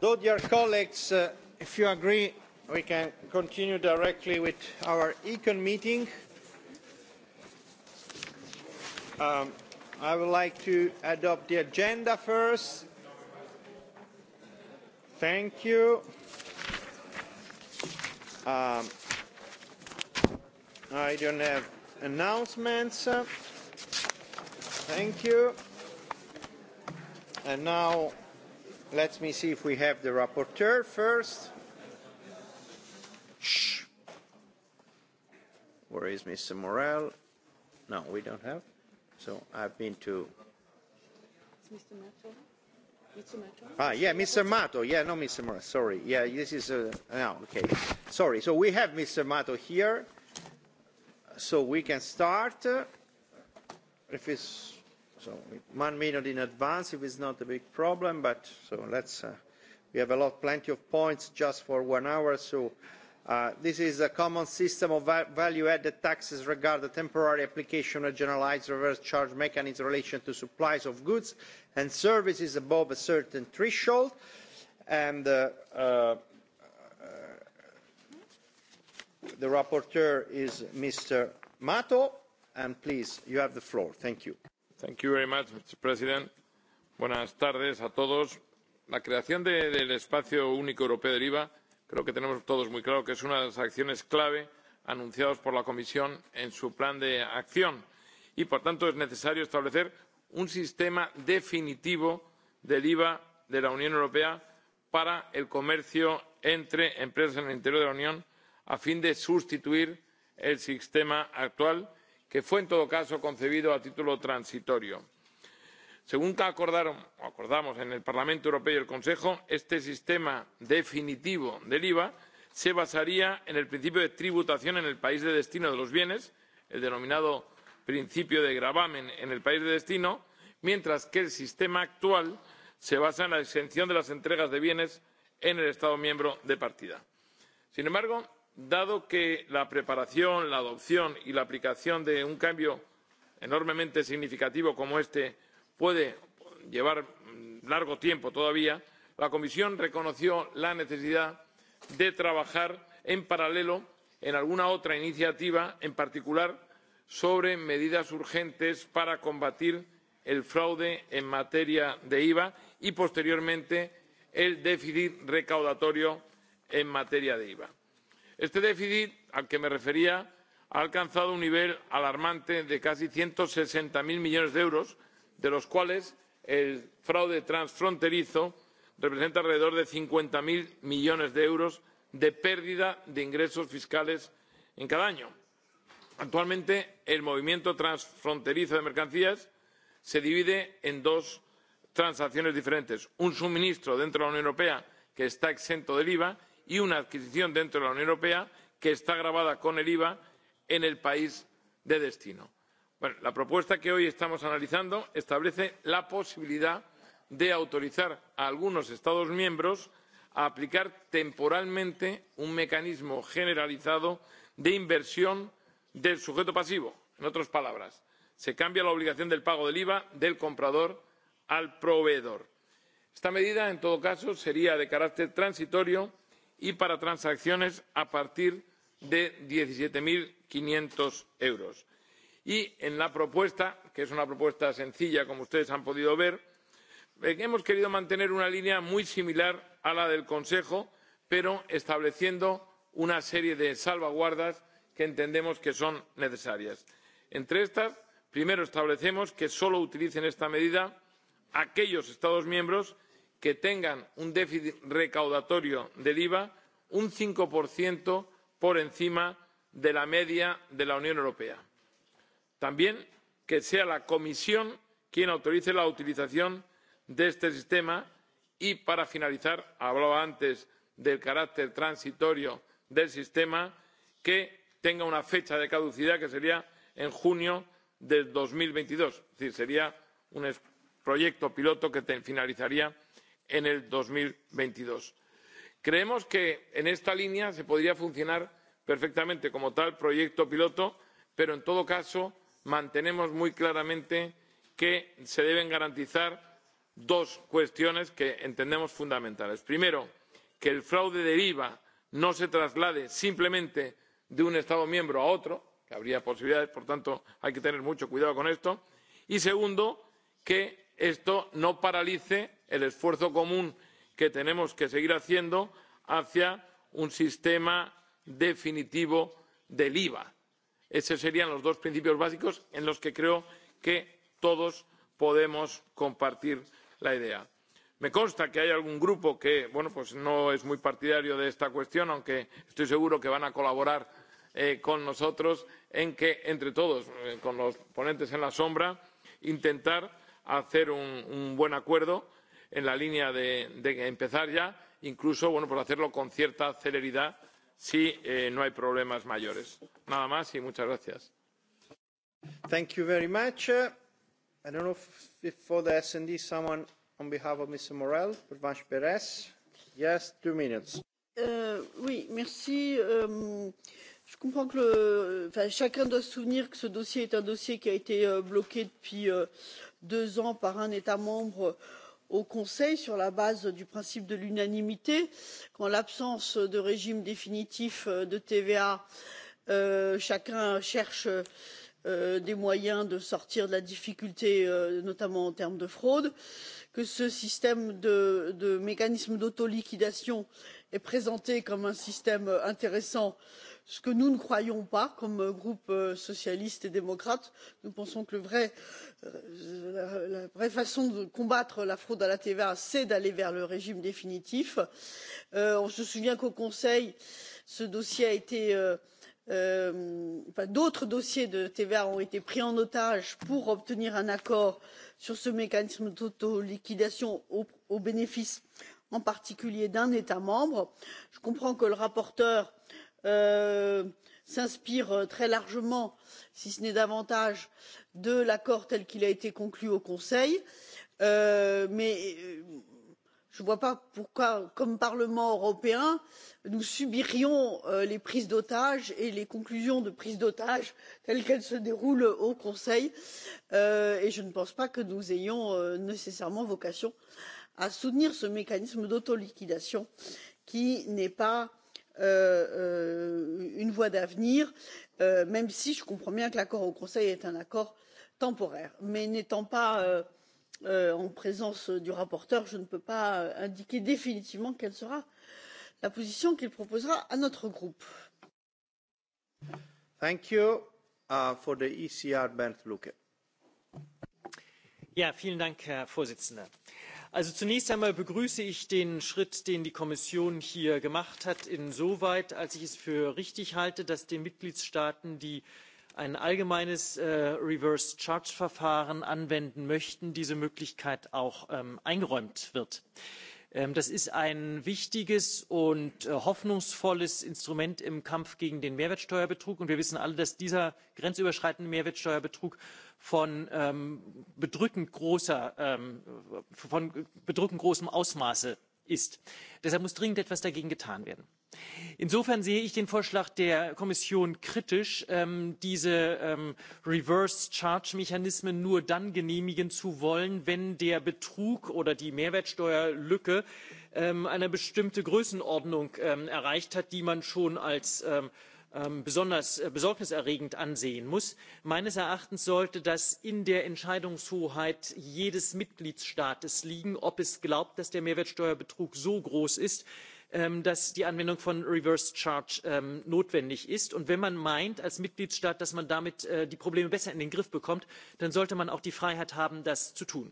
though dear colleagues uh, if you agree we can continue directly with our econ meeting um, i would like to adopt the agenda first thank you um, i don't have announcements thank you and now Let me see if we have the rapporteur first. Shh. Where is Mr. Morel? No, we don't have. So I've been to. It's Mr. Mato. Mr. Mato. Ah, yeah, Mr. Mato. Yeah, no, Mr. Morel. Sorry. Yeah, this is. Uh, no, ah, okay. Sorry. So we have Mr. Mato here. So we can start. Uh, if it's So one minute in advance, if it's not a big problem, but so let's, uh, we have a lot, plenty of points just for one hour, so uh, this is a common system of va value-added taxes regarding the temporary application of generalized reverse charge mechanism in relation to supplies of goods and services above a certain threshold. And uh, uh, uh the rapporteur is Mr. Mato, and please, you have the floor. Thank you. Thank you very much, President. Buenas tardes a todos. La creación del espacio único europeo del IVA creo que tenemos todos muy claro que es una de las acciones clave anunciadas por la Comisión en su plan de acción y, por tanto, es necesario establecer un sistema definitivo del IVA de la Unión Europea para el comercio entre empresas en el interior de la Unión a fin de sustituir el sistema actual que fue en todo caso concebido a título transitorio. según acordamos en el parlamento europeo y el consejo este sistema definitivo del iva se basaría en el principio de tributación en el país de destino de los bienes el denominado principio de gravamen en el país de destino mientras que el sistema actual se basa en la exención de las entregas de bienes en el estado miembro de partida. sin embargo dado que la preparación la adopción y la aplicación de un cambio enormemente significativo como este puede llevar mm, largo tiempo todavía la comisión reconoció la necesidad de trabajar en paralelo en alguna otra iniciativa en particular sobre medidas urgentes para combatir el fraude en materia de iva y posteriormente el déficit recaudatorio en materia de iva este déficit al que me refería ha alcanzado un nivel alarmante de casi ciento sesenta cero millones de euros de los cuales el fraude transfronterizo representa alrededor de cincuenta cero millones de euros de pérdida de ingresos fiscales en cada año. actualmente el movimiento transfronterizo de mercancías se divide en dos transacciones diferentes un suministro dentro de la unión europea que está exento del iva y una adquisición dentro de la unión europea que está gravada con el iva en el país de destino. la propuesta que hoy estamos analizando establece la posibilidad de autorizar a algunos estados miembros a aplicar temporalmente un mecanismo generalizado de inversión del sujeto pasivo. en otras palabras se cambia la obligación del pago del iva del comprador al proveedor. esta medida en todo caso sería de carácter transitorio y para transacciones a partir de diecisiete quinientos euros. y en la propuesta que es una propuesta sencilla como ustedes han podido ver eh, hemos querido mantener una línea muy similar a la del consejo pero estableciendo una serie de salvaguardas que entendemos que son necesarias. entre estas primero establecemos que solo utilicen esta medida aquellos estados miembros que tengan un déficit recaudatorio del iva un cinco por encima de la media de la unión europea. también que sea la comisión quien autorice la utilización de este sistema y para finalizar hablaba antes del carácter transitorio del sistema que tenga una fecha de caducidad que sería en junio de dos mil veintidós es decir sería un proyecto piloto que finalizaría en dos mil veintidós creemos que en esta línea se podría funcionar perfectamente como tal proyecto piloto pero en todo caso mantenemos muy claramente que se deben garantizar dos cuestiones que entendemos fundamentales primero que el fraude del iva no se traslade simplemente de un estado miembro a otro que habría posibilidades por tanto hay que tener mucho cuidado con esto y segundo que esto no paralice el esfuerzo común que tenemos que seguir haciendo hacia un sistema definitivo del iva. esos serían los dos principios básicos en los que creo que todos podemos compartir la idea. me consta que hay algún grupo que no es muy partidario de esta cuestión aunque estoy seguro de que van a colaborar eh, con nosotros en que entre todos eh, con los ponentes alternativos intentemos hacer un buen acuerdo en la línea de, de empezar ya, incluso bueno, pues hacerlo con cierta celeridad si eh, no hay problemas mayores. Nada más y muchas gracias. Thank you very much. I don't know if, if for the S&D someone on behalf of Mr. Morel, Pervanche Perez. Yes, two minutes. Euh, oui, merci. Euh, je comprends que le, enfin, chacun doit se souvenir que ce dossier est un dossier qui a été euh, bloqué depuis euh, deux ans par un État membre euh, au conseil sur la base du principe de l'unanimité qu'en l'absence de régime définitif euh, de tva euh, chacun cherche euh, des moyens de sortir de la difficulté notamment en termes de fraude que ce système de mécanisme d'autoliquidation est présenté comme un système intéressant pour ce que nous ne croyons pas comme euh, groupe euh, socialiste et démocrate. nous pensons que euh, la vraie façon de combattre la fraude à la tva c'est d'aller vers le régime définitif. on se souvient qu'au conseil d'autres dossiers de tva ont été pris en otage pour obtenir un accord sur ce mécanisme d'autoliquidation au bénéfice en particulier d'un état membre. je comprends que le rapporteur Euh, s'inspire euh, très largement si ce n'est davantage de l'accord tel qu'il a été conclu au conseil euh, mais je ne vois pas pourquoi comme parlement européen nous subirions les prises d'otages et les conclusions de prises d'otages telles qu'elles se déroulent au conseil et je ne pense pas que nous ayons nécessairement vocation à soutenir ce mécanisme d'autoliquidation qui n'est pas Euh, euh, une voie d'avenir euh, même si je comprends bien que l'accord au conseil est un accord temporaire. mais n'étant pas en présence du rapporteur je ne peux pas indiquer définitivement quelle sera la position qu'il proposera à notre groupe. Uh, ECR, ja, vielen Dank, herr präsident! also zunächst einmal begrüße ich den schritt den die kommission hier gemacht hat insoweit als ich es für richtig halte dass den mitgliedstaaten die ein allgemeines äh, reverse charge verfahren anwenden möchten diese möglichkeit auch ähm, eingeräumt wird. Ähm, das ist ein wichtiges und äh, hoffnungsvolles instrument im kampf gegen den mehrwertsteuerbetrug und wir wissen alle dass dieser grenzüberschreitende mehrwertsteuerbetrug von ähm, ähm, bedrückend großem ausmaß ist. deshalb muss dringend etwas dagegen getan werden. Insofern sehe ich den Vorschlag der Kommission kritisch, ähm, diese ähm, Reverse-Charge-Mechanismen nur dann genehmigen zu wollen, wenn der Betrug oder die Mehrwertsteuerlücke ähm, eine bestimmte Größenordnung ähm, erreicht hat, die man schon als ähm, ähm besonders äh, besorgniserregend ansehen muss. Meines Erachtens sollte das in der Entscheidungshoheit jedes Mitgliedstaates liegen, ob es glaubt, dass der Mehrwertsteuerbetrug so groß ist, Ähm, dass die anwendung von reverse charge ähm, notwendig ist. und wenn man meint als mitgliedstaat dass man damit äh, die probleme besser in den griff bekommt dann sollte man auch die freiheit haben das zu tun.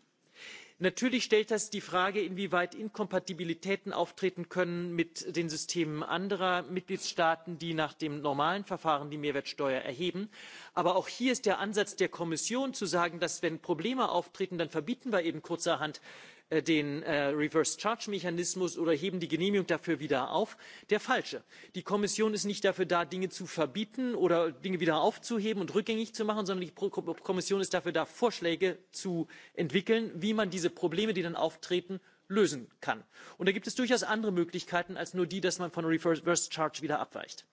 natürlich stellt das die frage inwieweit inkompatibilitäten auftreten können mit den systemen anderer mitgliedstaaten die nach dem normalen verfahren die mehrwertsteuer erheben. aber auch hier ist der ansatz der kommission zu sagen dass wenn probleme auftreten dann verbieten wir eben kurzerhand Äh, den äh, reverse charge mechanismus oder heben die genehmigung dafür wieder auf der falsche. die kommission ist nicht dafür da dinge zu verbieten oder dinge wieder aufzuheben und rückgängig zu machen sondern die kommission ist dafür da vorschläge zu entwickeln wie man diese probleme die dann auftreten lösen kann. und da gibt es durchaus andere möglichkeiten als nur die dass man von reverse charge wieder abweicht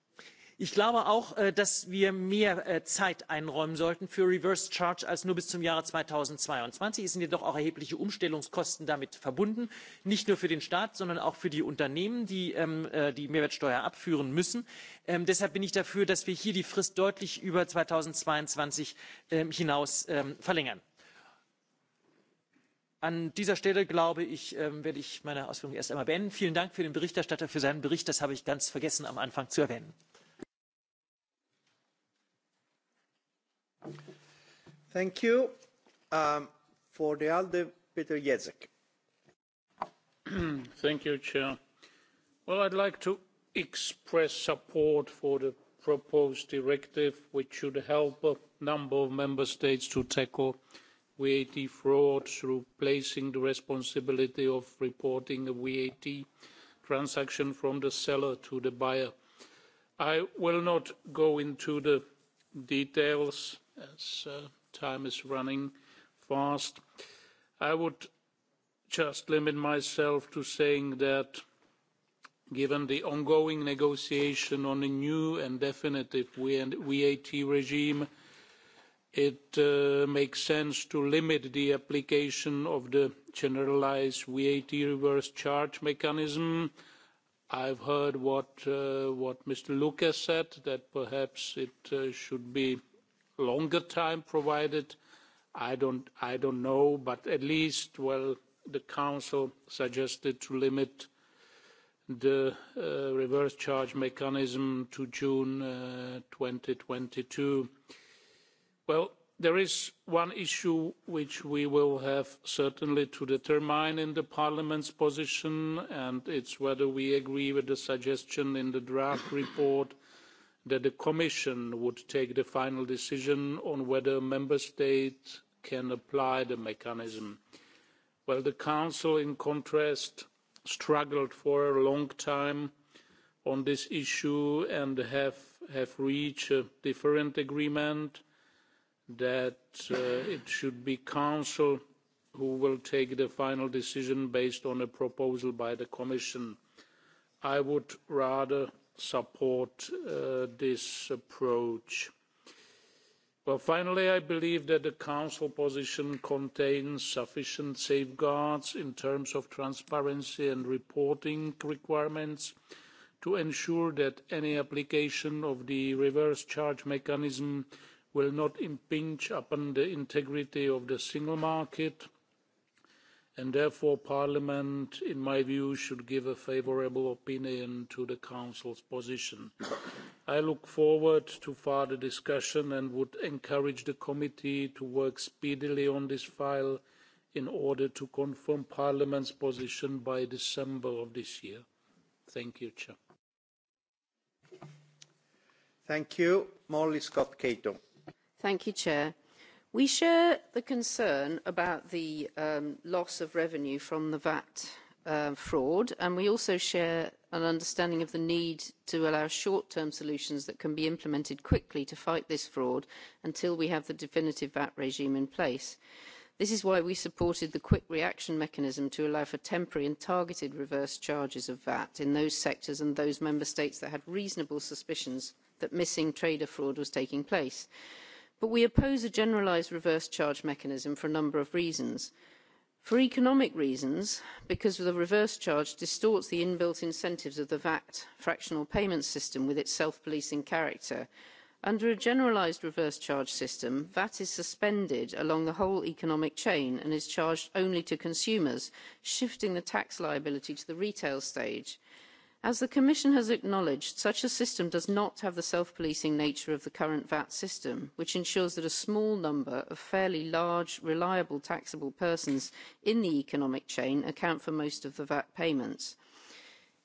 ich glaube auch äh, dass wir mehr äh, zeit einräumen sollten für reverse charge als nur bis zum jahre. zweitausendzweiundzwanzig es sind jedoch auch erhebliche umstellungskosten damit verbunden nicht nur für den staat sondern auch für die unternehmen die ähm, äh, die mehrwertsteuer abführen müssen. Ähm, deshalb bin ich dafür dass wir hier die frist deutlich über zweitausendzweiundzwanzig ähm, hinaus verlängern. an dieser stelle glaube ich werde ich meine ausführungen erst einmal beenden. vielen dank an den berichterstatter für seinen bericht das habe ich ganz vergessen am anfang zu erwähnen. Thank you. Um, for the ALDE, Peter Jezek. Thank you, Chair. Well, I'd like to express support for the proposed directive, which should help a number of member states to tackle VAT fraud through placing the responsibility of reporting a VAT transaction from the seller to the buyer. I will not go into the details as uh, time is running fast. I would just limit myself to saying that given the ongoing negotiation on a new and definitive VAT regime, it uh, makes sense to limit the application of the generalised VAT reverse charge mechanism. I've heard what, uh, what Mr. Lucas said, that perhaps it uh, should be longer time provided. I don't, I don't know, but at least, well, the Council suggested to limit the uh, reverse charge mechanism to June uh, 2022. Well, there is one issue which we will have certainly to determine in the Parliament's position, and it's whether we agree with the suggestion in the draft report that the commission would take the final decision on whether a member state can apply the mechanism. well the council in contrast struggled for a long time on this issue and have, have reached a different agreement that uh, it should be council who will take the final decision based on a proposal by the commission. i would rather support uh, this approach. Well, finally, I believe that the Council position contains sufficient safeguards in terms of transparency and reporting requirements to ensure that any application of the reverse charge mechanism will not impinge upon the integrity of the single market and therefore parliament in my view should give a favourable opinion to the council's position. i look forward to further discussion and would encourage the committee to work speedily on this file in order to confirm parliament's position by december of this year. thank you. Chair. thank you. molly scott cato. thank you, Chair we share the concern about the um, loss of revenue from the vat uh, fraud and we also share an understanding of the need to allow short term solutions that can be implemented quickly to fight this fraud until we have the definitive vat regime in place. This is why we supported the quick reaction mechanism to allow for temporary and targeted reverse charges of VAT in those sectors and those member states that had reasonable suspicions that missing trader fraud was taking place but we oppose a generalised reverse charge mechanism for a number of reasons. for economic reasons because the reverse charge distorts the inbuilt incentives of the vat fractional payment system with its self policing character. under a generalised reverse charge system vat is suspended along the whole economic chain and is charged only to consumers shifting the tax liability to the retail stage as the commission has acknowledged such a system does not have the self policing nature of the current vat system which ensures that a small number of fairly large reliable taxable persons in the economic chain account for most of the vat payments.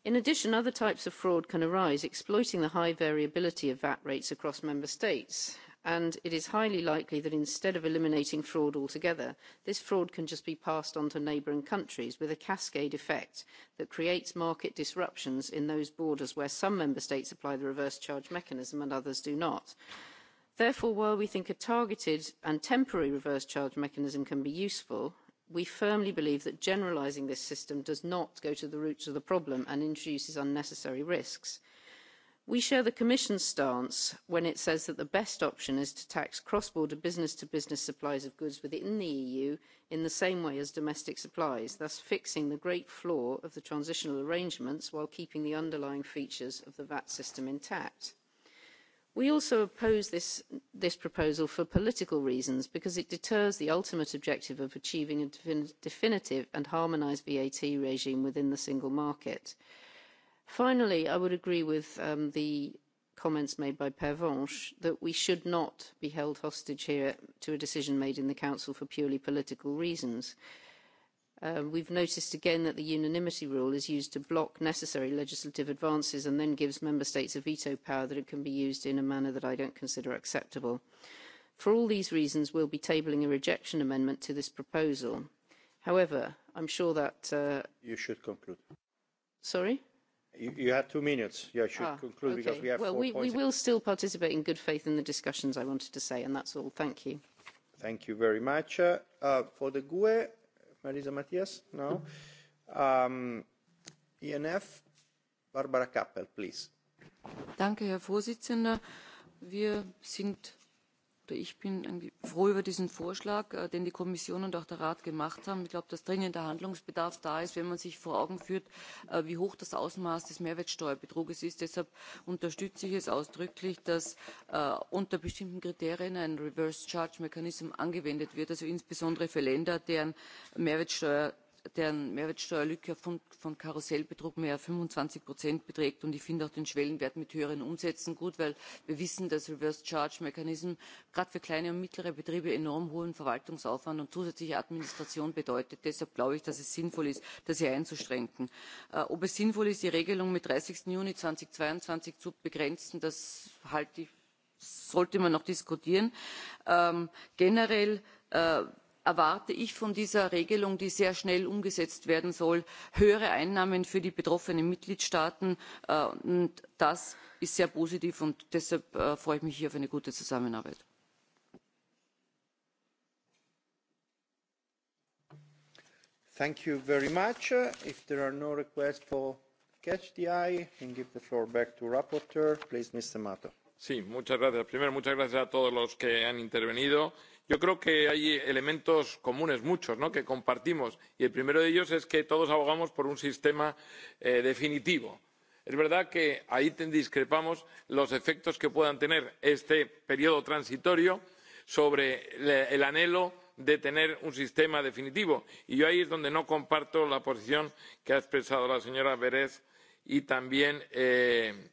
in addition other types of fraud can arise exploiting the high variability of vat rates across member states and it is highly likely that instead of eliminating fraud altogether, this fraud can just be passed on to neighbouring countries with a cascade effect that creates market disruptions in those borders where some member states apply the reverse charge mechanism and others do not. Therefore, while we think a targeted and temporary reverse charge mechanism can be useful, we firmly believe that generalising this system does not go to the roots of the problem and introduces unnecessary risks we share the commission's stance when it says that the best option is to tax cross border business to business supplies of goods within the eu in the same way as domestic supplies thus fixing the great flaw of the transitional arrangements while keeping the underlying features of the vat system intact. we also oppose this, this proposal for political reasons because it deters the ultimate objective of achieving a definitive and harmonised vat regime within the single market. Finally, I would agree with um, the comments made by Pervenche that we should not be held hostage here to a decision made in the Council for purely political reasons. Um, we have noticed again that the unanimity rule is used to block necessary legislative advances and then gives member states a veto power that can be used in a manner that I do not consider acceptable. For all these reasons, we will be tabling a rejection amendment to this proposal. However, i am sure that... Uh, you should conclude. Sorry? You, you had two minutes. You should ah, conclude okay. because we have well, four we, points. we will still participate in good faith in the discussions. I wanted to say, and that's all. Thank you. Thank you very much uh, uh for the GUE. Marisa Matias, no. Um, INF, Barbara Kappel, please. Danke, Herr Vorsitzender. Wir sind ich bin froh über diesen vorschlag äh, den die kommission und auch der rat gemacht haben. ich glaube dass dringender handlungsbedarf da ist wenn man sich vor augen führt äh, wie hoch das ausmaß des mehrwertsteuerbetruges ist. deshalb unterstütze ich es ausdrücklich dass äh, unter bestimmten kriterien ein reverse charge mechanism angewendet wird also insbesondere für länder deren mehrwertsteuer deren mehrwertsteuerlücke aufgrund von karussellbetrug mehr als fünfundzwanzig beträgt und ich finde auch den schwellenwert mit höheren umsätzen gut weil wir wissen dass reverse charge mechanism gerade für kleine und mittlere betriebe enorm hohen verwaltungsaufwand und zusätzliche administration bedeutet. deshalb glaube ich dass es sinnvoll ist das hier einzuschränken. Äh, ob es sinnvoll ist die regelung mit. dreißig juni zweitausendzweiundzwanzig zu begrenzen das halte ich sollte man noch diskutieren. Ähm, generell äh, erwarte ich von dieser regelung die sehr schnell umgesetzt werden soll höhere einnahmen für die betroffenen mitgliedstaaten äh, und das ist sehr positiv und deshalb äh, freue ich mich hier auf eine gute zusammenarbeit. Thank you very much. If there are no requests for catch the eye, I give the floor back to rapporteur. Please, Mr. Mato. Sí, muchas gracias. Primero, muchas gracias a todos los que han intervenido yo creo que hay elementos comunes muchos que compartimos y el primero de ellos es que todos abogamos por un sistema eh, definitivo. es verdad que ahí discrepamos los efectos que pueda tener este periodo transitorio sobre el anhelo de tener un sistema definitivo y yo ahí es donde no comparto la posición que ha expresado la señora bers y también eh,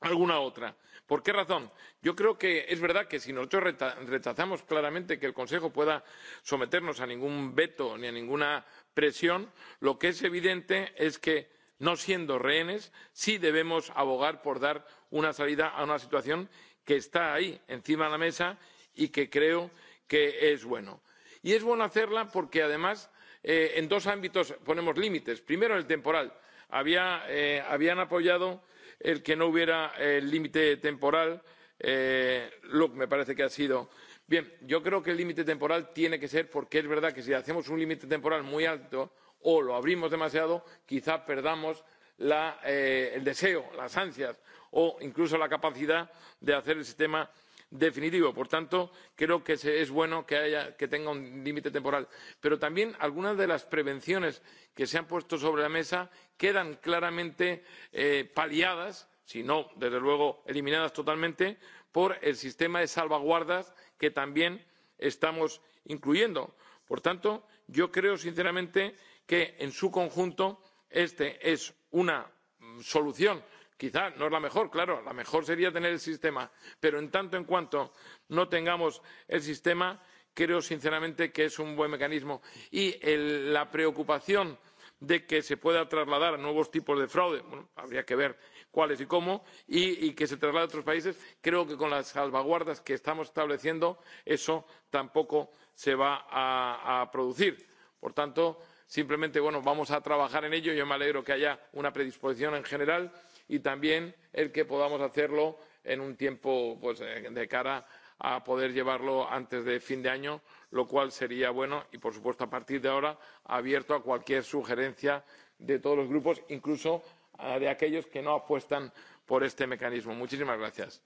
alguna otra por qué razón? yo creo que es verdad que si nosotros rechazamos claramente que el consejo pueda someternos a ningún veto ni a ninguna presión lo que es evidente es que no siendo rehenes sí debemos abogar por dar una salida a una situación que está ahí encima de la mesa y que creo que es bueno. y es bueno hacerla porque además eh, en dos ámbitos ponemos límites primero el temporal. Había, eh, habían apoyado el que no hubiera eh, límite temporal eh, lo que me parece que ha sido. bien yo creo que el límite temporal tiene que ser porque es verdad que si hacemos un límite temporal muy alto o lo abrimos demasiado quizá perdamos la, eh, el deseo las ansias o incluso la capacidad de hacer el sistema definitivo. por tanto creo que es bueno que, tenga un límite temporal. pero también algunas de las prevenciones que se han puesto sobre la mesa quedan claramente eh, paliadas si no desde luego eliminadas totalmente por el sistema de salvaguardas que también estamos incluyendo. por tanto yo creo sinceramente que en su conjunto esta es una mm, solución quizá no es la mejor claro la mejor sería tener el sistema pero en tanto en cuanto no tengamos el sistema creo sinceramente que es un buen mecanismo y el, la preocupación de que se pueda trasladar a nuevos tipos de fraude bueno, habría que ver cuáles y cómo y, y que se traslade a otros países creo que con las salvaguardas que estamos estableciendo eso tampoco se va a, a producir. por tanto simplemente bueno, vamos a trabajar en ello. yo me alegro de que haya una predisposición en general y y también el que podamos hacerlo en un tiempo pues, eh, de cara a poder llevarlo antes de fin de año, lo cual sería bueno y, por supuesto, a partir de ahora abierto a cualquier sugerencia de todos los grupos, incluso de aquellos que no apuestan por este mecanismo. Muchísimas gracias.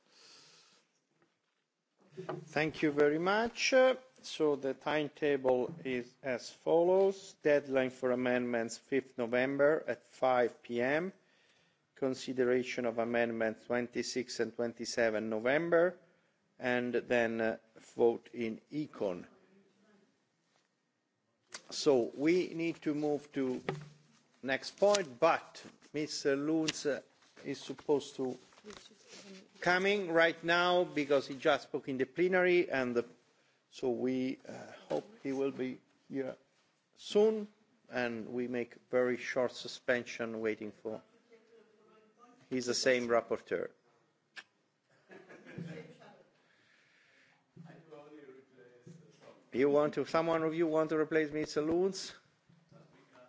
Thank you very much. So the timetable is as follows. Deadline for amendments 5th November at 5 p.m consideration of amendments 26 and 27 November, and then uh, vote in Econ. So we need to move to next point, but Mr. Lunz uh, is supposed to coming right now because he just spoke in the plenary, and the, so we uh, hope he will be here soon, and we make very short suspension waiting for He's the same rapporteur. You want to, someone of you want to replace Mr. Luns,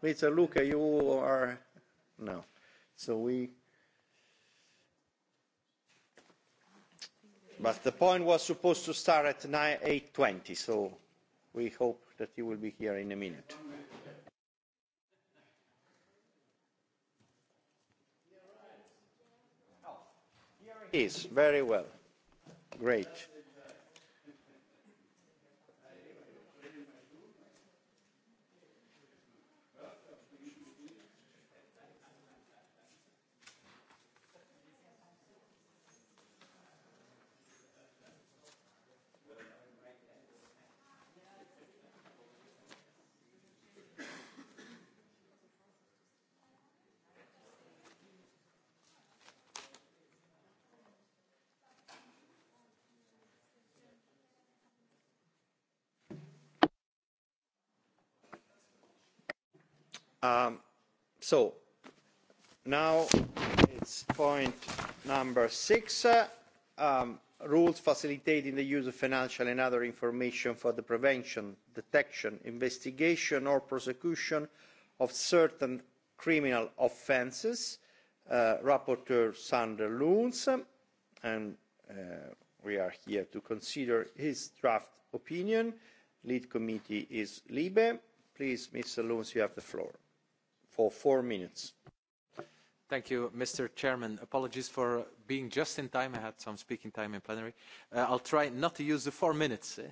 Mr. Luca, you are, no. So we, but the point was supposed to start at 8.20, so we hope that you will be here in a minute. is very well great. Um, so now it's point number six uh, um, rules facilitating the use of financial and other information for the prevention detection investigation or prosecution of certain criminal offences uh, rapporteur sander loons um, and uh, we are here to consider his draft opinion lead committee is libe please mr loons you have the floor for four Thank you, Mr. Chairman. Apologies for being just in time. I had some speaking time in plenary. Uh, I'll try not to use the four minutes eh,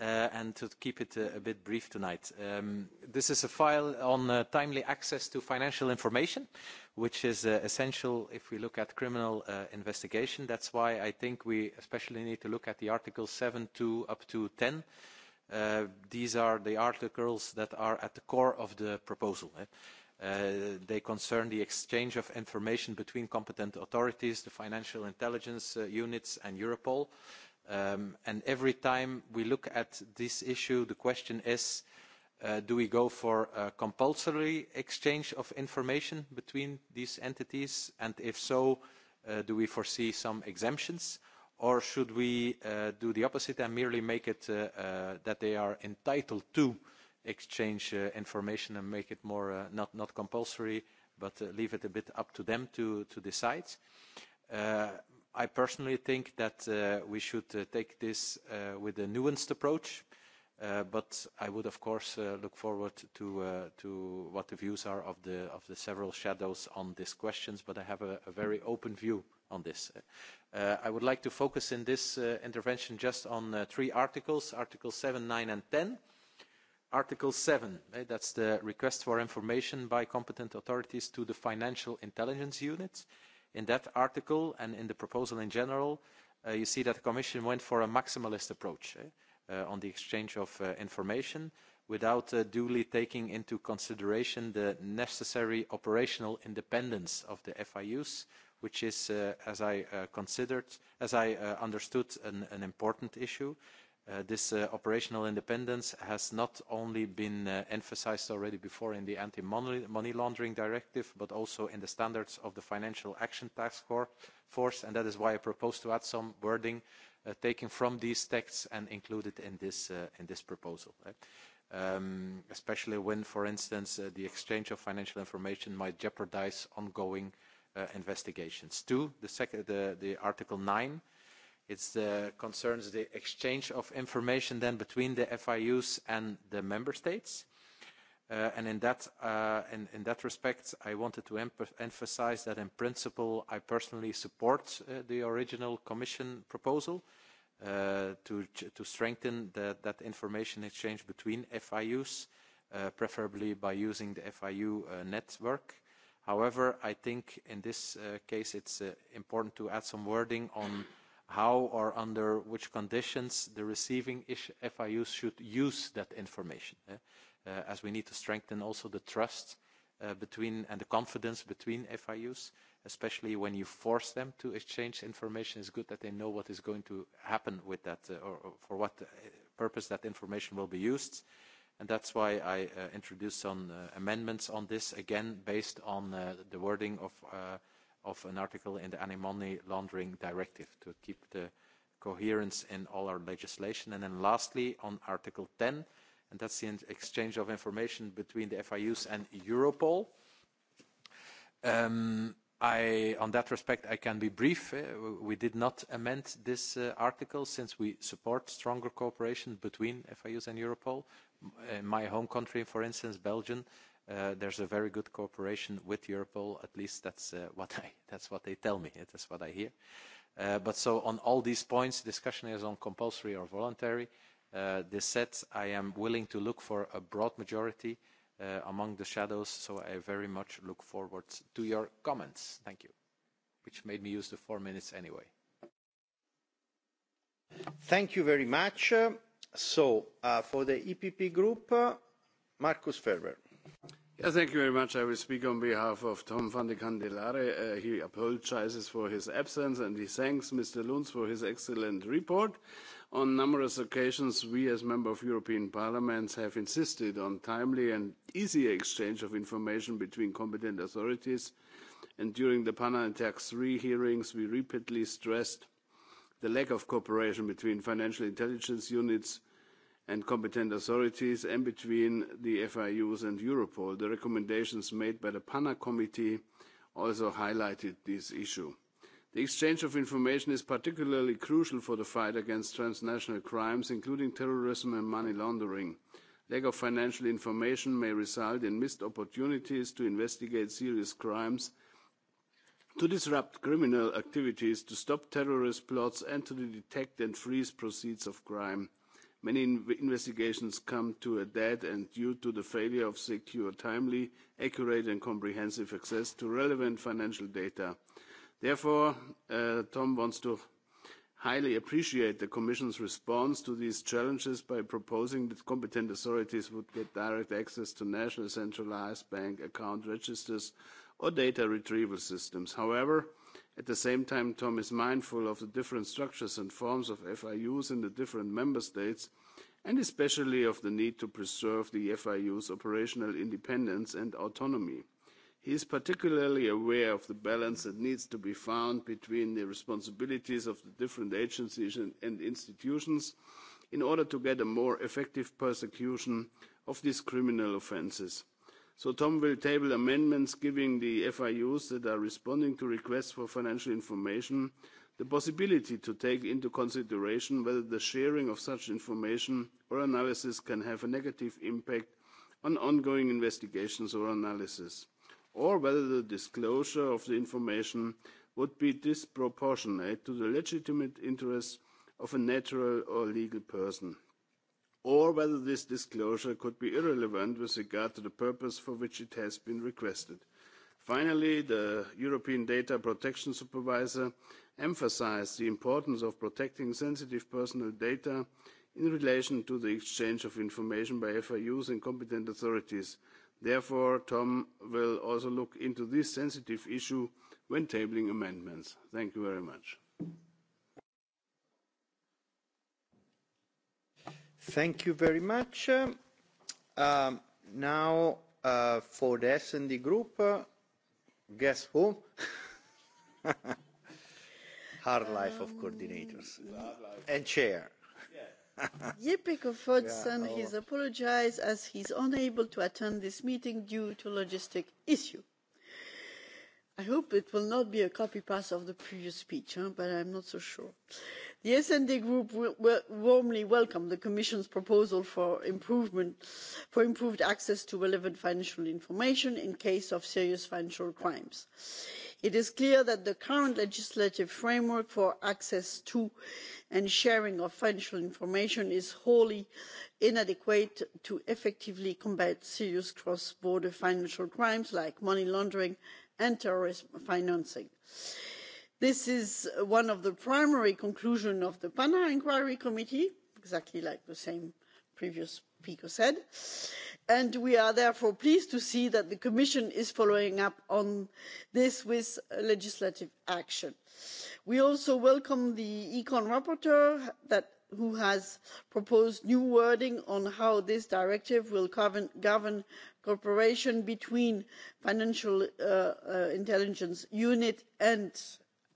uh, and to keep it uh, a bit brief tonight. Um, this is a file on timely access to financial information, which is essential if we look at criminal investigation. That's why I think we especially need to look at the articles 7 to up to 10 these are the articles that are at the core of the proposal. Eh. Uh, they concern the exchange of information between competent authorities, the financial intelligence uh, units and Europol. Um, and every time we look at this issue, the question is, uh, do we go for a compulsory exchange of information between these entities? And if so, uh, do we foresee some exemptions? Or should we uh, do the opposite and merely make it uh, that they are entitled to uh, exchange uh, information and make it more uh, not, not compulsory, but uh, leave it a bit up to them to, to decide. Uh, I personally think that uh, we should uh, take this uh, with a nuanced approach, uh, but I would of course uh, look forward to, uh, to what the views are of the, of the several shadows on these questions, but I have a, a very open view on this. Uh, I would like to focus in this uh, intervention just on uh, three articles, Articles 7, 9 and 10. Article 7, eh, that's the request for information by competent authorities to the Financial Intelligence Unit. In that article and in the proposal in general, uh, you see that the Commission went for a maximalist approach eh, uh, on the exchange of uh, information without uh, duly taking into consideration the necessary operational independence of the FIUs, which is, uh, as I uh, considered, as I uh, understood, an, an important issue. Uh, this uh, operational independence has not only been uh, emphasized already before in the anti-money laundering directive, but also in the standards of the Financial Action Task Force, and that is why I propose to add some wording uh, taken from these texts and included in this, uh, in this proposal. Right? Eh? Um, especially when, for instance, uh, the exchange of financial information might jeopardize ongoing uh, investigations. Two, the, sec the, the Article 9 It the concerns the exchange of information then between the FIUs and the member states. Uh, and in that, uh, in, in that respect, I wanted to emphasize that in principle, I personally support uh, the original Commission proposal uh, to, to strengthen the, that information exchange between FIUs, uh, preferably by using the FIU uh, network. However, I think in this uh, case, it's uh, important to add some wording on how or under which conditions the receiving FIUs should use that information, eh? uh, as we need to strengthen also the trust uh, between and the confidence between FIUs, especially when you force them to exchange information. It's good that they know what is going to happen with that uh, or, or for what uh, purpose that information will be used. And that's why I uh, introduced some uh, amendments on this, again, based on uh, the wording of uh, of an article in the anti-money laundering directive to keep the coherence in all our legislation. And then lastly, on Article 10, and that's the exchange of information between the FIUs and Europol. Um, I, on that respect, I can be brief. Uh, we did not amend this uh, article since we support stronger cooperation between FIUs and Europol. In uh, my home country, for instance, Belgium, Uh, there's a very good cooperation with Europol. At least that's uh, what I, that's what they tell me. That's what I hear. Uh, but so on all these points, discussion is on compulsory or voluntary. Uh, this said, I am willing to look for a broad majority uh, among the shadows. So I very much look forward to your comments. Thank you, which made me use the four minutes anyway. Thank you very much. So uh, for the EPP group, uh, Markus Ferber. Yeah, thank you very much. I will speak on behalf of Tom van de Candelare. Uh, he apologizes for his absence and he thanks Mr. Lunz for his excellent report. On numerous occasions, we as member of European parliaments have insisted on timely and easy exchange of information between competent authorities. And during the PANA and tax 3 hearings, we repeatedly stressed the lack of cooperation between financial intelligence units – and competent authorities and between the FIUs and Europol. The recommendations made by the PANA committee also highlighted this issue. The exchange of information is particularly crucial for the fight against transnational crimes, including terrorism and money laundering. Lack of financial information may result in missed opportunities to investigate serious crimes, to disrupt criminal activities, to stop terrorist plots, and to detect and freeze proceeds of crime. Many investigations come to a dead end due to the failure of secure, timely, accurate and comprehensive access to relevant financial data. Therefore, uh, Tom wants to highly appreciate the Commission's response to these challenges by proposing that competent authorities would get direct access to national centralised bank account registers or data retrieval systems. However, At the same time, Tom is mindful of the different structures and forms of FIUs in the different member states, and especially of the need to preserve the FIU's operational independence and autonomy. He is particularly aware of the balance that needs to be found between the responsibilities of the different agencies and institutions in order to get a more effective persecution of these criminal offences. So Tom will table amendments giving the FIUs that are responding to requests for financial information the possibility to take into consideration whether the sharing of such information or analysis can have a negative impact on ongoing investigations or analysis, or whether the disclosure of the information would be disproportionate to the legitimate interests of a natural or legal person or whether this disclosure could be irrelevant with regard to the purpose for which it has been requested. Finally, the European Data Protection Supervisor emphasised the importance of protecting sensitive personal data in relation to the exchange of information by FIUs and competent authorities. Therefore, Tom will also look into this sensitive issue when tabling amendments. Thank you very much. Thank you very much. Uh, now, uh, for the S&D Group, uh, guess who? Hard life of um, coordinators um, and chair. Jeppe Kofod sent yeah, his apologies as he is unable to attend this meeting due to logistic issue. I hope it will not be a copy paste of the previous speech, huh? but I'm not so sure the sd group warmly welcomes the commission's proposal for improved access to relevant financial information in case of serious financial crimes. it is clear that the current legislative framework for access to and sharing of financial information is wholly inadequate to effectively combat serious cross border financial crimes like money laundering and terrorist financing this is one of the primary conclusions of the pana inquiry committee exactly like the same previous speaker said and we are therefore pleased to see that the commission is following up on this with legislative action. we also welcome the econ rapporteur who has proposed new wording on how this directive will govern, cooperation between financial uh, uh, intelligence unit and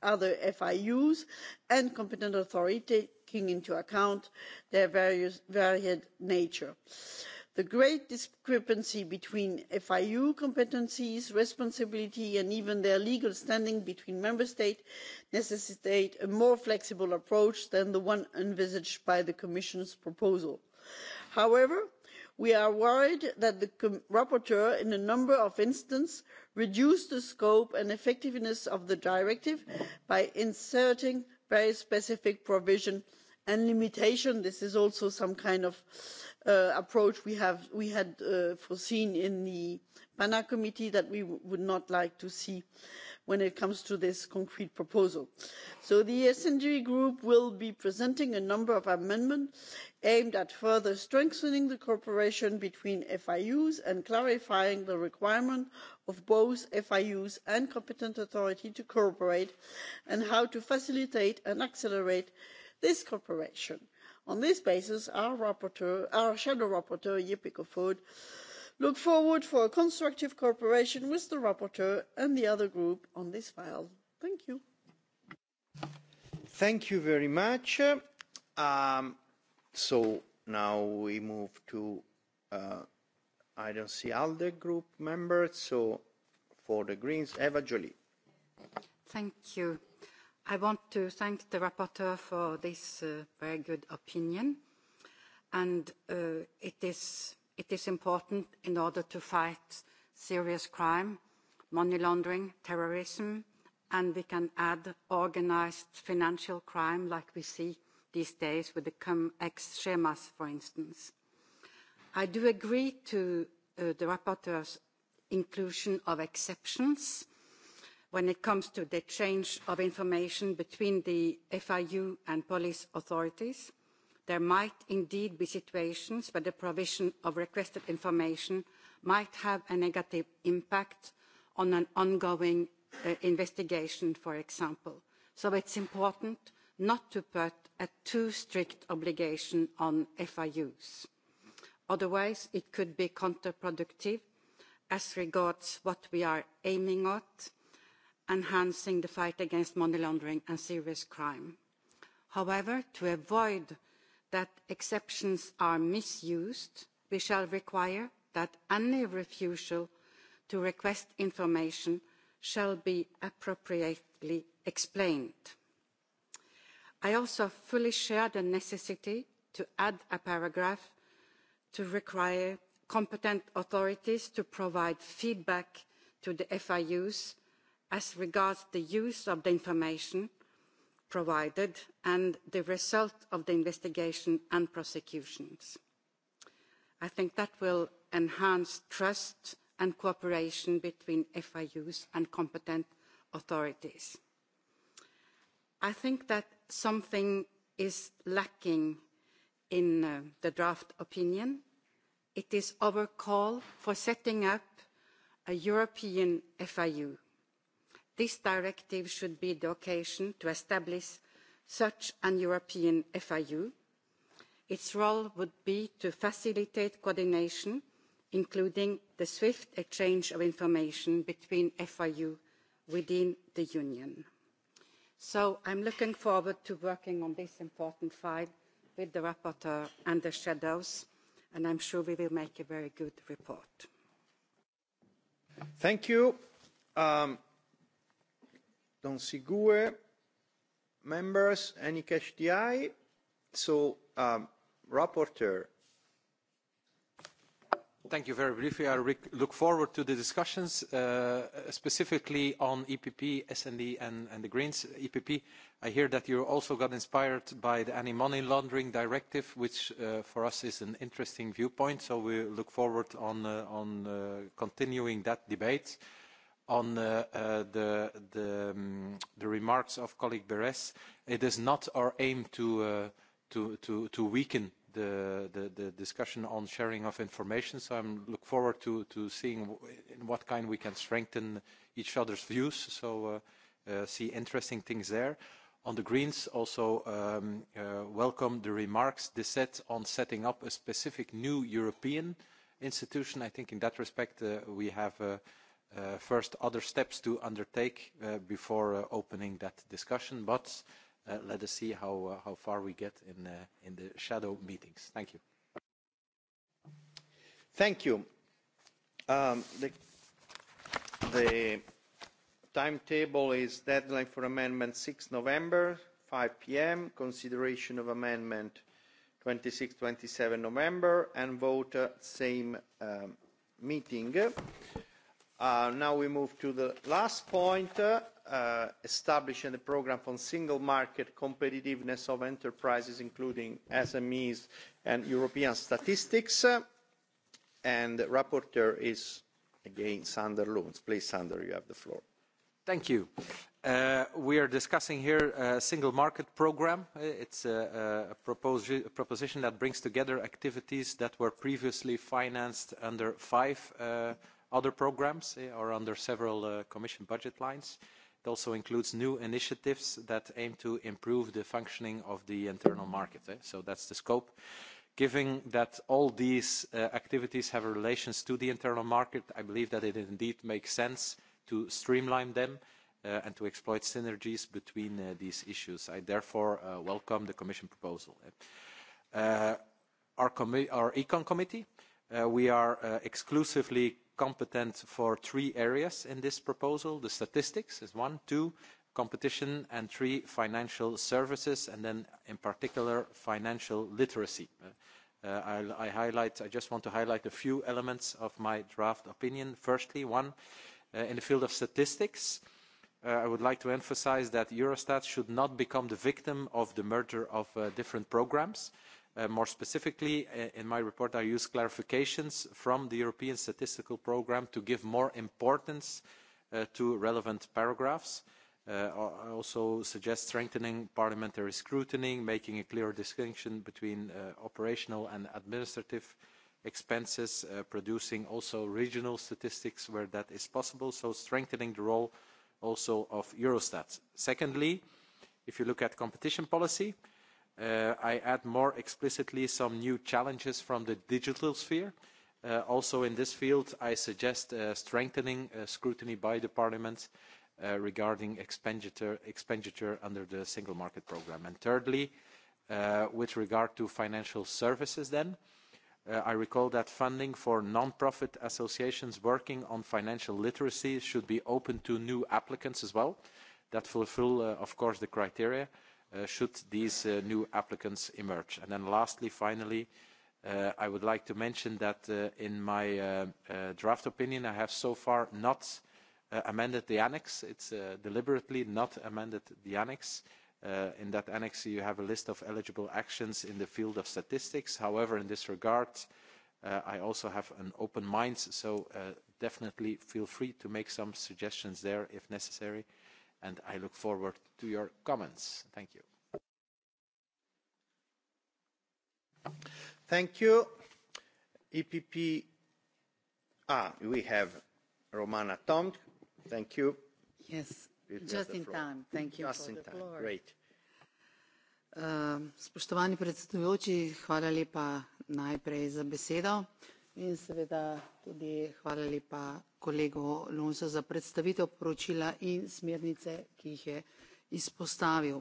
other fius and competent authorities, taking into account their varied nature. the great discrepancy between fiu competencies responsibility and even their legal standing between member states necessitates a more flexible approach than the one envisaged by the commission's proposal. however we are worried that the rapporteur in a number of instances reduced the scope and effectiveness of the directive by inserting very specific provisions and limitations. this is also some kind of uh, approach we, had uh, foreseen in the pana committee that we would not like to see again when it comes to this concrete proposal. so the sd group will be presenting a number of amendments aimed at further strengthening the cooperation between fius and clarifying the requirement of both fius and competent authority to cooperate and how to facilitate and accelerate this cooperation. on this basis our, rapporteur, our shadow rapporteur jeppe kofod look forward to a constructive cooperation with the rapporteur and the other group on this file. thank you. thank you very much. Um, so now we move to uh, i don't see alde group members so for the greens eva joly. thank you. i want to thank the rapporteur for this uh, very good opinion and uh, it is it is important in order to fight serious crime, money laundering, terrorism, and we can add organised financial crime like we see these days with the cum-ex schemas, for instance. I do agree to uh, the rapporteur's inclusion of exceptions when it comes to the exchange of information between the FIU and police authorities there might indeed be situations where the provision of requested information might have a negative impact on an ongoing uh, investigation for example so it's important not to put a too strict obligation on fius otherwise it could be counterproductive as regards what we are aiming at enhancing the fight against money laundering and serious crime. however to avoid that exceptions are misused we shall require that any refusal to request information shall be appropriately explained. i also fully share the necessity to add a paragraph to require competent authorities to provide feedback to the fius as regards the use of the information provided and the result of the investigation and prosecutions. I think that will enhance trust and cooperation between FIUs and competent authorities. I think that something is lacking in uh, the draft opinion. It is our call for setting up a European FIU this directive should be the occasion to establish such an european fiu. its role would be to facilitate coordination including the swift exchange of information between fiu within the union. so i'm looking forward to working on this important file with the rapporteur and the shadows and i'm sure we will make a very good report. thank you. Um, don't see GUE members, any cash DI. So, um, rapporteur. Thank you very briefly. I look forward to the discussions, uh, specifically on EPP, S&D and, and the Greens. EPP, I hear that you also got inspired by the anti-money laundering directive, which uh, for us is an interesting viewpoint. So we look forward on, uh, on uh, continuing that debate on uh, uh, um, the, remarks of colleague Beres, it is not our aim to, uh, weaken the, discussion on sharing of information, so I look forward to, seeing in what kind we can strengthen each other's views, so see interesting things there. On the Greens, also um, welcome the remarks they set on setting up a specific new European institution. I think in that respect we have Uh, first other steps to undertake uh, before uh, opening that discussion. But uh, let us see how, uh, how far we get in, uh, in the shadow meetings. Thank you. Thank you. Um, the, the timetable is deadline for amendment 6 November, 5 p.m., consideration of amendment 26, 27 November, and vote uh, same um, meeting. Uh, now we move to the last point, uh, uh, establishing the programme for single market competitiveness of enterprises, including SMEs and European statistics. And the rapporteur is, again, Sander Loons. Please, Sander, you have the floor. Thank you. we are discussing here a single market programme. It's a, a, a proposition that brings together activities that were previously financed under five uh, Other programs eh, are under several uh, Commission budget lines. It also includes new initiatives that aim to improve the functioning of the internal market. Eh. So that's the scope. Given that all these uh, activities have relations to the internal market, I believe that it indeed makes sense to streamline them uh, and to exploit synergies between these issues. I therefore welcome the Commission proposal. Eh. Our, our Econ Committee, we are exclusively competent for three areas in this proposal. The statistics is one, two, competition, and three, financial services, and then in particular, financial literacy. Uh, uh I, I, highlight, I just want to highlight a few elements of my draft opinion. Firstly, one, uh, in the field of statistics, uh, I would like to emphasize that Eurostat should not become the victim of the merger of uh, different programs. Uh, more specifically, uh, in my report, I use clarifications from the European Statistical Programme to give more importance uh, to relevant paragraphs. I also suggest strengthening parliamentary scrutiny, making a clear distinction between operational and administrative expenses, producing also regional statistics where that is possible, so strengthening the role also of Eurostat. Secondly, if you look at competition policy, Uh, I add more explicitly some new challenges from the digital sphere. Uh, also in this field, I suggest uh, strengthening uh, scrutiny by the Parliament uh, regarding expenditure, expenditure under the Single Market Programme. And thirdly, with regard to financial services then, I recall that funding for non-profit associations working on financial literacy should be open to new applicants as well that fulfill, of course, the criteria. Uh, should these uh, new applicants emerge. And then lastly, finally, uh, I would like to mention that uh, in my uh, uh, draft opinion, I have so far not uh, amended the annex. It's uh, deliberately not amended the annex. Uh, in that annex, you have a list of eligible actions in the field of statistics. However, in this regard, uh, I also have an open mind, so uh, definitely feel free to make some suggestions there if necessary. Uh, and I look forward to your comments. Thank you. Thank you. EPP. Ah, we have Romana Tomc. Thank you. Yes, just in time. Thank you. Just in time. Floor. Great. Uh, spoštovani predsedujoči, hvala lepa najprej za besedo. Uh, in seveda tudi hvala lepa kolegu Lonsu za predstavitev poročila in smernice, ki jih je izpostavil.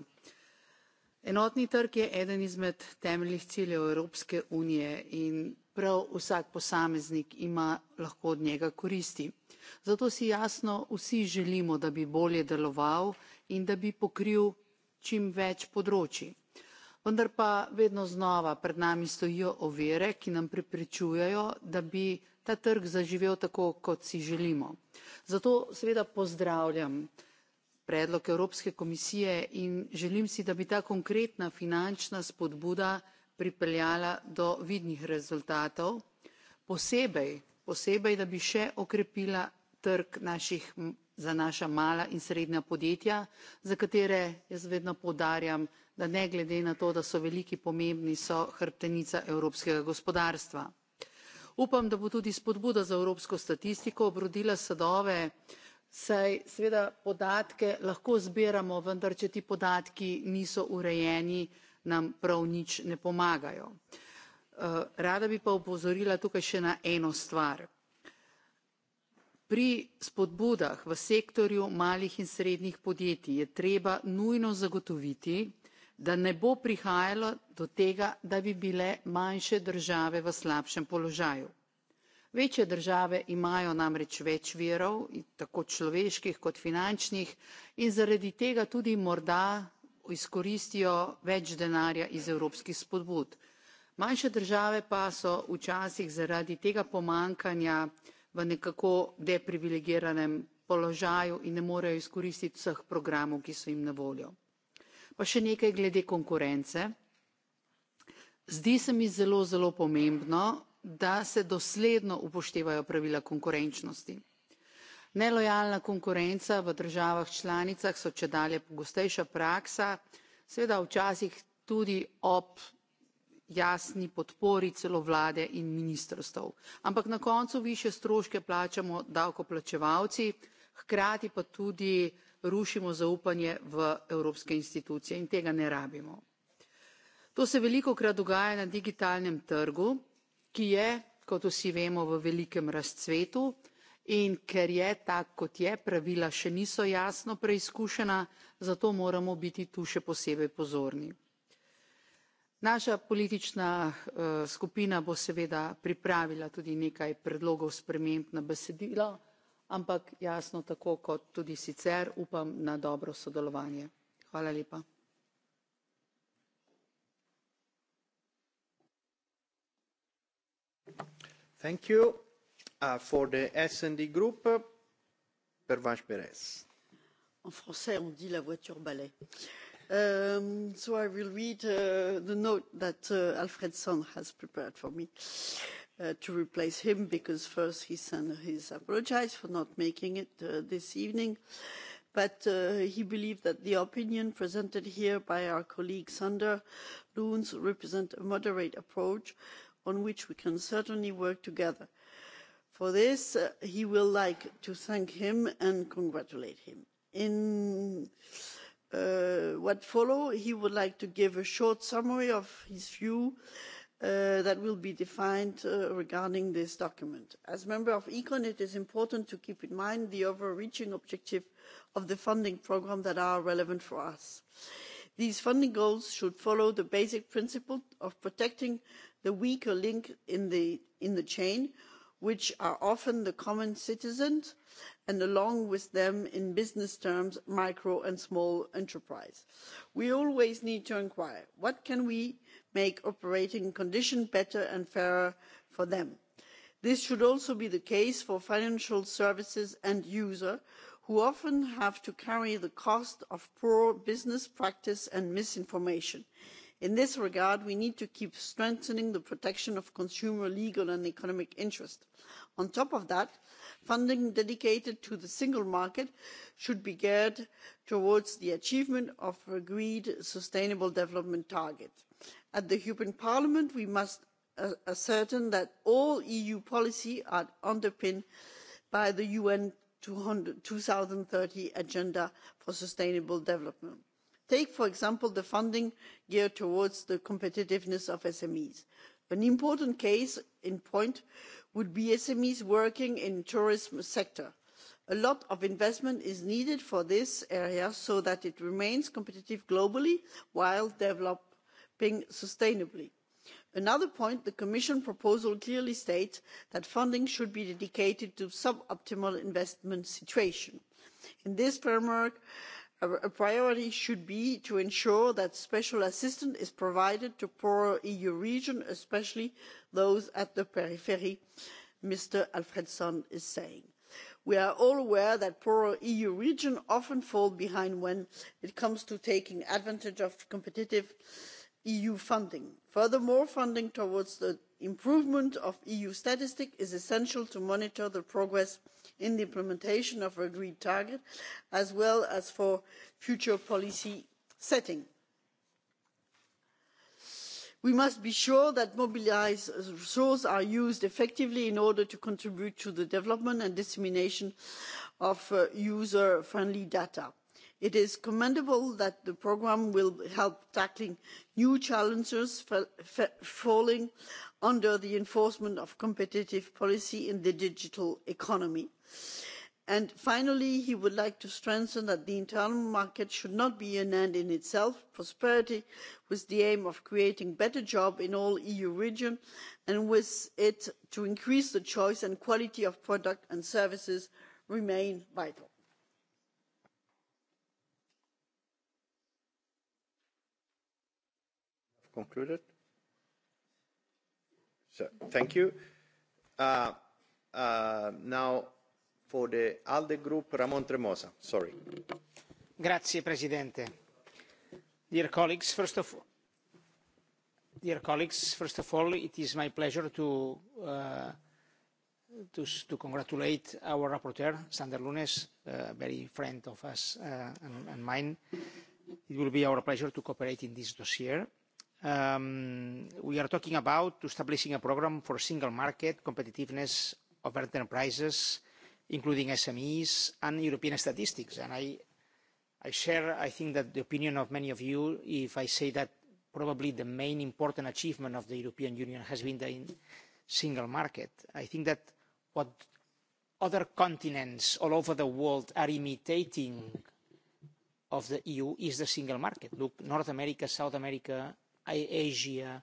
Enotni trg je eden izmed temeljnih ciljev Evropske unije in prav vsak posameznik ima lahko od njega koristi. Zato si jasno vsi želimo, da bi bolje deloval in da bi pokril čim več področji vendar pa vedno znova pred nami stojijo ovire, ki nam preprečujejo, da bi ta trg zaživel tako, kot si želimo. Zato seveda pozdravljam predlog Evropske komisije in želim si, da bi ta konkretna finančna spodbuda pripeljala do vidnih rezultatov, posebej, posebej, da bi še okrepila trg naših za naša mala in srednja podjetja, za katere jaz vedno poudarjam, da ne glede na to, da so veliki pomembni, so hrbtenica evropskega gospodarstva. Upam, da bo tudi spodbuda za evropsko statistiko obrodila sadove, saj seveda podatke lahko zbiramo, vendar če ti podatki niso urejeni, nam prav nič ne pomagajo. Eh, rada bi pa opozorila tukaj še na eno stvar. Pri spodbudah v sektorju malih in srednjih podjetij je treba nujno zagotoviti, da ne bo prihajalo do tega da bi bile manjše države v slabšem položaju. večje države imajo namreč več virov tako človeških kot finančnih in zaradi tega tudi morda izkoristijo več denarja iz evropskih spodbud manjše države pa so včasih zaradi tega pomanjkanja v nekako deprivilegiranem položaju in ne morejo izkoristiti vseh programov ki so jim na voljo. Pa še nekaj glede konkurence. Zdi se mi zelo, zelo pomembno, da se dosledno upoštevajo pravila konkurenčnosti. Nelojalna konkurenca v državah članicah so čedalje pogostejša praksa, seveda včasih tudi ob jasni podpori celo vlade in ministrstev. Ampak na koncu višje stroške plačamo davkoplačevalci, hkrati pa tudi rušimo zaupanje v evropske institucije in tega ne rabimo. To se velikokrat dogaja na digitalnem trgu, ki je, kot vsi vemo, v velikem razcvetu in ker je tak, kot je, pravila še niso jasno preizkušena, zato moramo biti tu še posebej pozorni. Naša politična eh, skupina bo seveda pripravila tudi nekaj predlogov sprememb na besedilo, ampak jasno tako kot tudi sicer upam na dobro sodelovanje. hvala lepa. Thank you. Uh, for the S&D group, uh, Pervash Perez. En français, on dit la voiture balai. Um, so I will read uh, the note that uh, Alfredson has prepared for me. Uh, to replace him because first he sent his apologies for not making it uh, this evening but uh, he believed that the opinion presented here by our colleague sander loons represent a moderate approach on which we can certainly work together. for this uh, he will like to thank him and congratulate him. in uh, what follows he would like to give a short summary of his view Uh, that will be defined uh, regarding this document. as a member of econ it is important to keep in mind the overreaching objective of the funding programme that are relevant for us. these funding goals should follow the basic principle of protecting the weaker link in the, in the chain which are often the common citizens and along with them in business terms micro and small enterprises. we always need to inquire what can we make operating conditions better and fairer for them? this should also be the case for financial services end users who often have to carry the cost of poor business practice and misinformation. in this regard we need to keep strengthening the protection of consumer legal and economic interests. on top of that funding dedicated to the single market should be geared towards the achievement of agreed sustainable development targets. at the european parliament we must uh, ascertain that all eu policies are underpinned by the un two thousand and thirty agenda for sustainable development. take for example the funding geared towards the competitiveness of smes an important case in point would be smes working in the tourism sector. a lot of investment is needed for this area so that it remains competitive globally while developing sustainably. another point the commission proposal clearly states that funding should be dedicated to sub optimal investment situations. in this framework a priority should be to ensure that special assistance is provided to poorer eu regions especially those at the periphery mr alfredsson is saying. we are all aware that poorer eu regions often fall behind when it comes to taking advantage of competitive eu funding. furthermore funding towards the improvement of eu statistics is essential to monitor the progress in the implementation of agreed targets as well as for future policy setting. we must be sure that mobilised resources are used effectively in order to contribute to the development and dissemination of uh, user friendly data it is commendable that the programme will help tackle new challenges falling under the enforcement of competitive policy in the digital economy. And finally he would like to stress that the internal market should not be an end in itself prosperity with the aim of creating better jobs in all eu regions and with it to increase the choice and quality of products and services remain vital. concluded? So, thank you. Uh, uh, now for the ALDE group, Ramon Tremosa. Sorry. Grazie, Presidente. Dear colleagues, first of dear colleagues, first of all, it is my pleasure to uh, to, to congratulate our rapporteur, Sander Lunes, a uh, very friend of us uh, and, and mine. It will be our pleasure to cooperate in this dossier Um, we are talking about establishing a programme for single market competitiveness of enterprises, including SMEs and European statistics. And I, I share, I think, that the opinion of many of you if I say that probably the main important achievement of the European Union has been the single market. I think that what other continents all over the world are imitating of the EU is the single market. Look, North America, South America, Asia,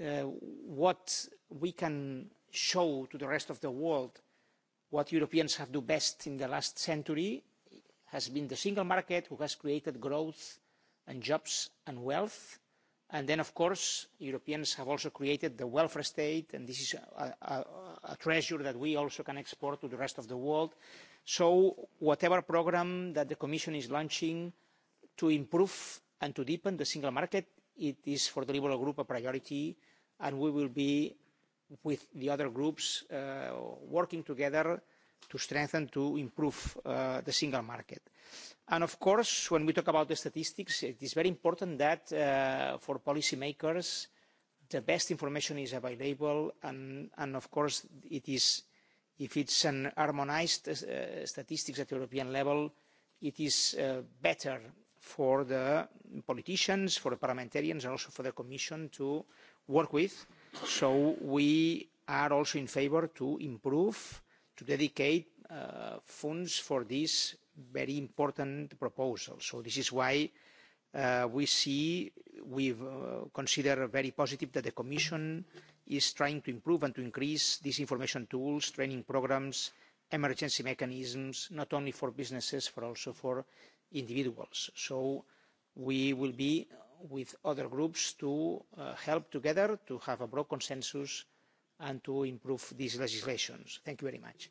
uh, what we can show to the rest of the world what Europeans have done best in the last century has been the single market who has created growth and jobs and wealth. And then, of course, Europeans have also created the welfare state, and this is a, a, a treasure that we also can export to the rest of the world. So whatever program that the Commission is launching to improve and to deepen the single market it is for the liberal group a priority and we will be with the other groups uh, working together to strengthen to improve uh, the single market. And of course when we talk about the statistics it is very important that uh, for policymakers the best information is available and, and of course it is if it's an harmonised uh, statistics at european level it is uh, better for the politicians, for the parliamentarians, and also for the Commission to work with. So we are also in favour to improve, to dedicate uh, funds for this very important proposal. So this is why uh, we see, we uh, consider very positive that the Commission is trying to improve and to increase these information tools, training programmes, emergency mechanisms, not only for businesses, but also for individuals. So we will be with other groups to uh, help together to have a broad consensus and to improve these legislations. Thank you very much.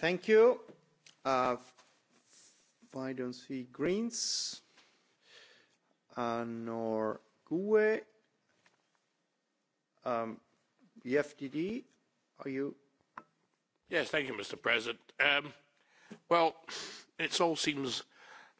Thank you. Uh, I don't see Greens uh, nor GUE. Um, EFDD, are you? Yes, thank you, Mr. President. Um, Well, it all seems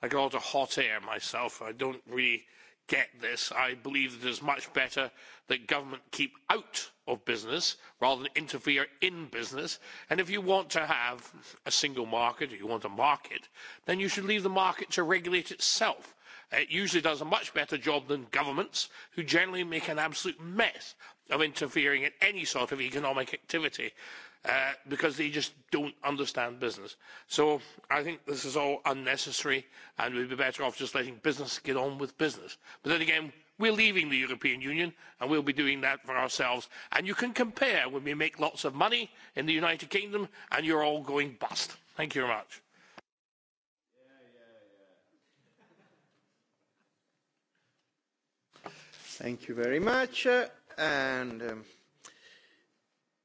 like a lot of hot air myself. I don't really get this. I believe that it is much better that government keep out of business rather than interfere in business. And if you want to have a single market, or you want a market, then you should leave the market to regulate itself. It usually does a much better job than governments, who generally make an absolute mess of interfering in any sort of economic activity. Uh, because they just don't understand business. So I think this is all unnecessary and we'd be better off just letting business get on with business. But then again, we're leaving the European Union and we'll be doing that for ourselves. And you can compare when we make lots of money in the United Kingdom and you're all going bust. Thank you very much. Thank you very much. Uh, and um,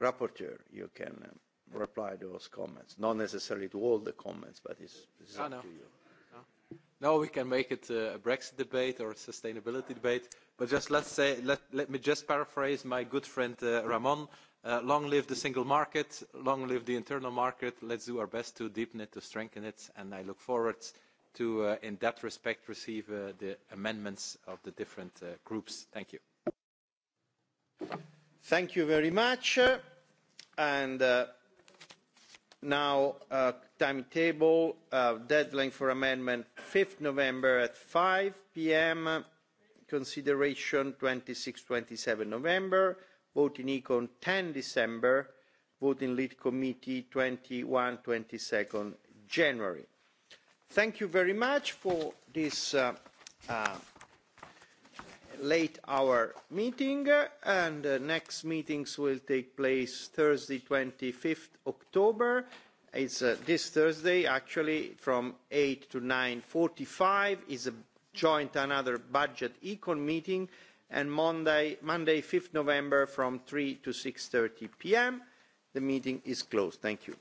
rapporteur, you can uh, reply to those comments. Not necessarily to all the comments, but it's, it's ah, up no. to you. No. Ah. no, we can make it uh, a Brexit debate or a sustainability debate, but just let's say, let, let me just paraphrase my good friend uh, Ramon. Uh, long live the single market, long live the internal market. Let's do our best to deepen it, to strengthen it, and I look forward to, uh, in that respect, receive uh, the amendments of the different uh, groups. Thank you. Thank you very much and uh, now a uh, timetable uh, deadline for amendment 5 november at 5 p.m consideration 26 27 november vote in econ 10 december vote in lead committee 21 22 january thank you very much for this late hour meeting and the uh, next meetings will take place Thursday 25th October. It's uh, this Thursday actually from 8 to 9.45 is a joint another budget econ meeting and Monday, Monday 5th November from 3 to 6.30 p.m. The meeting is closed. Thank you.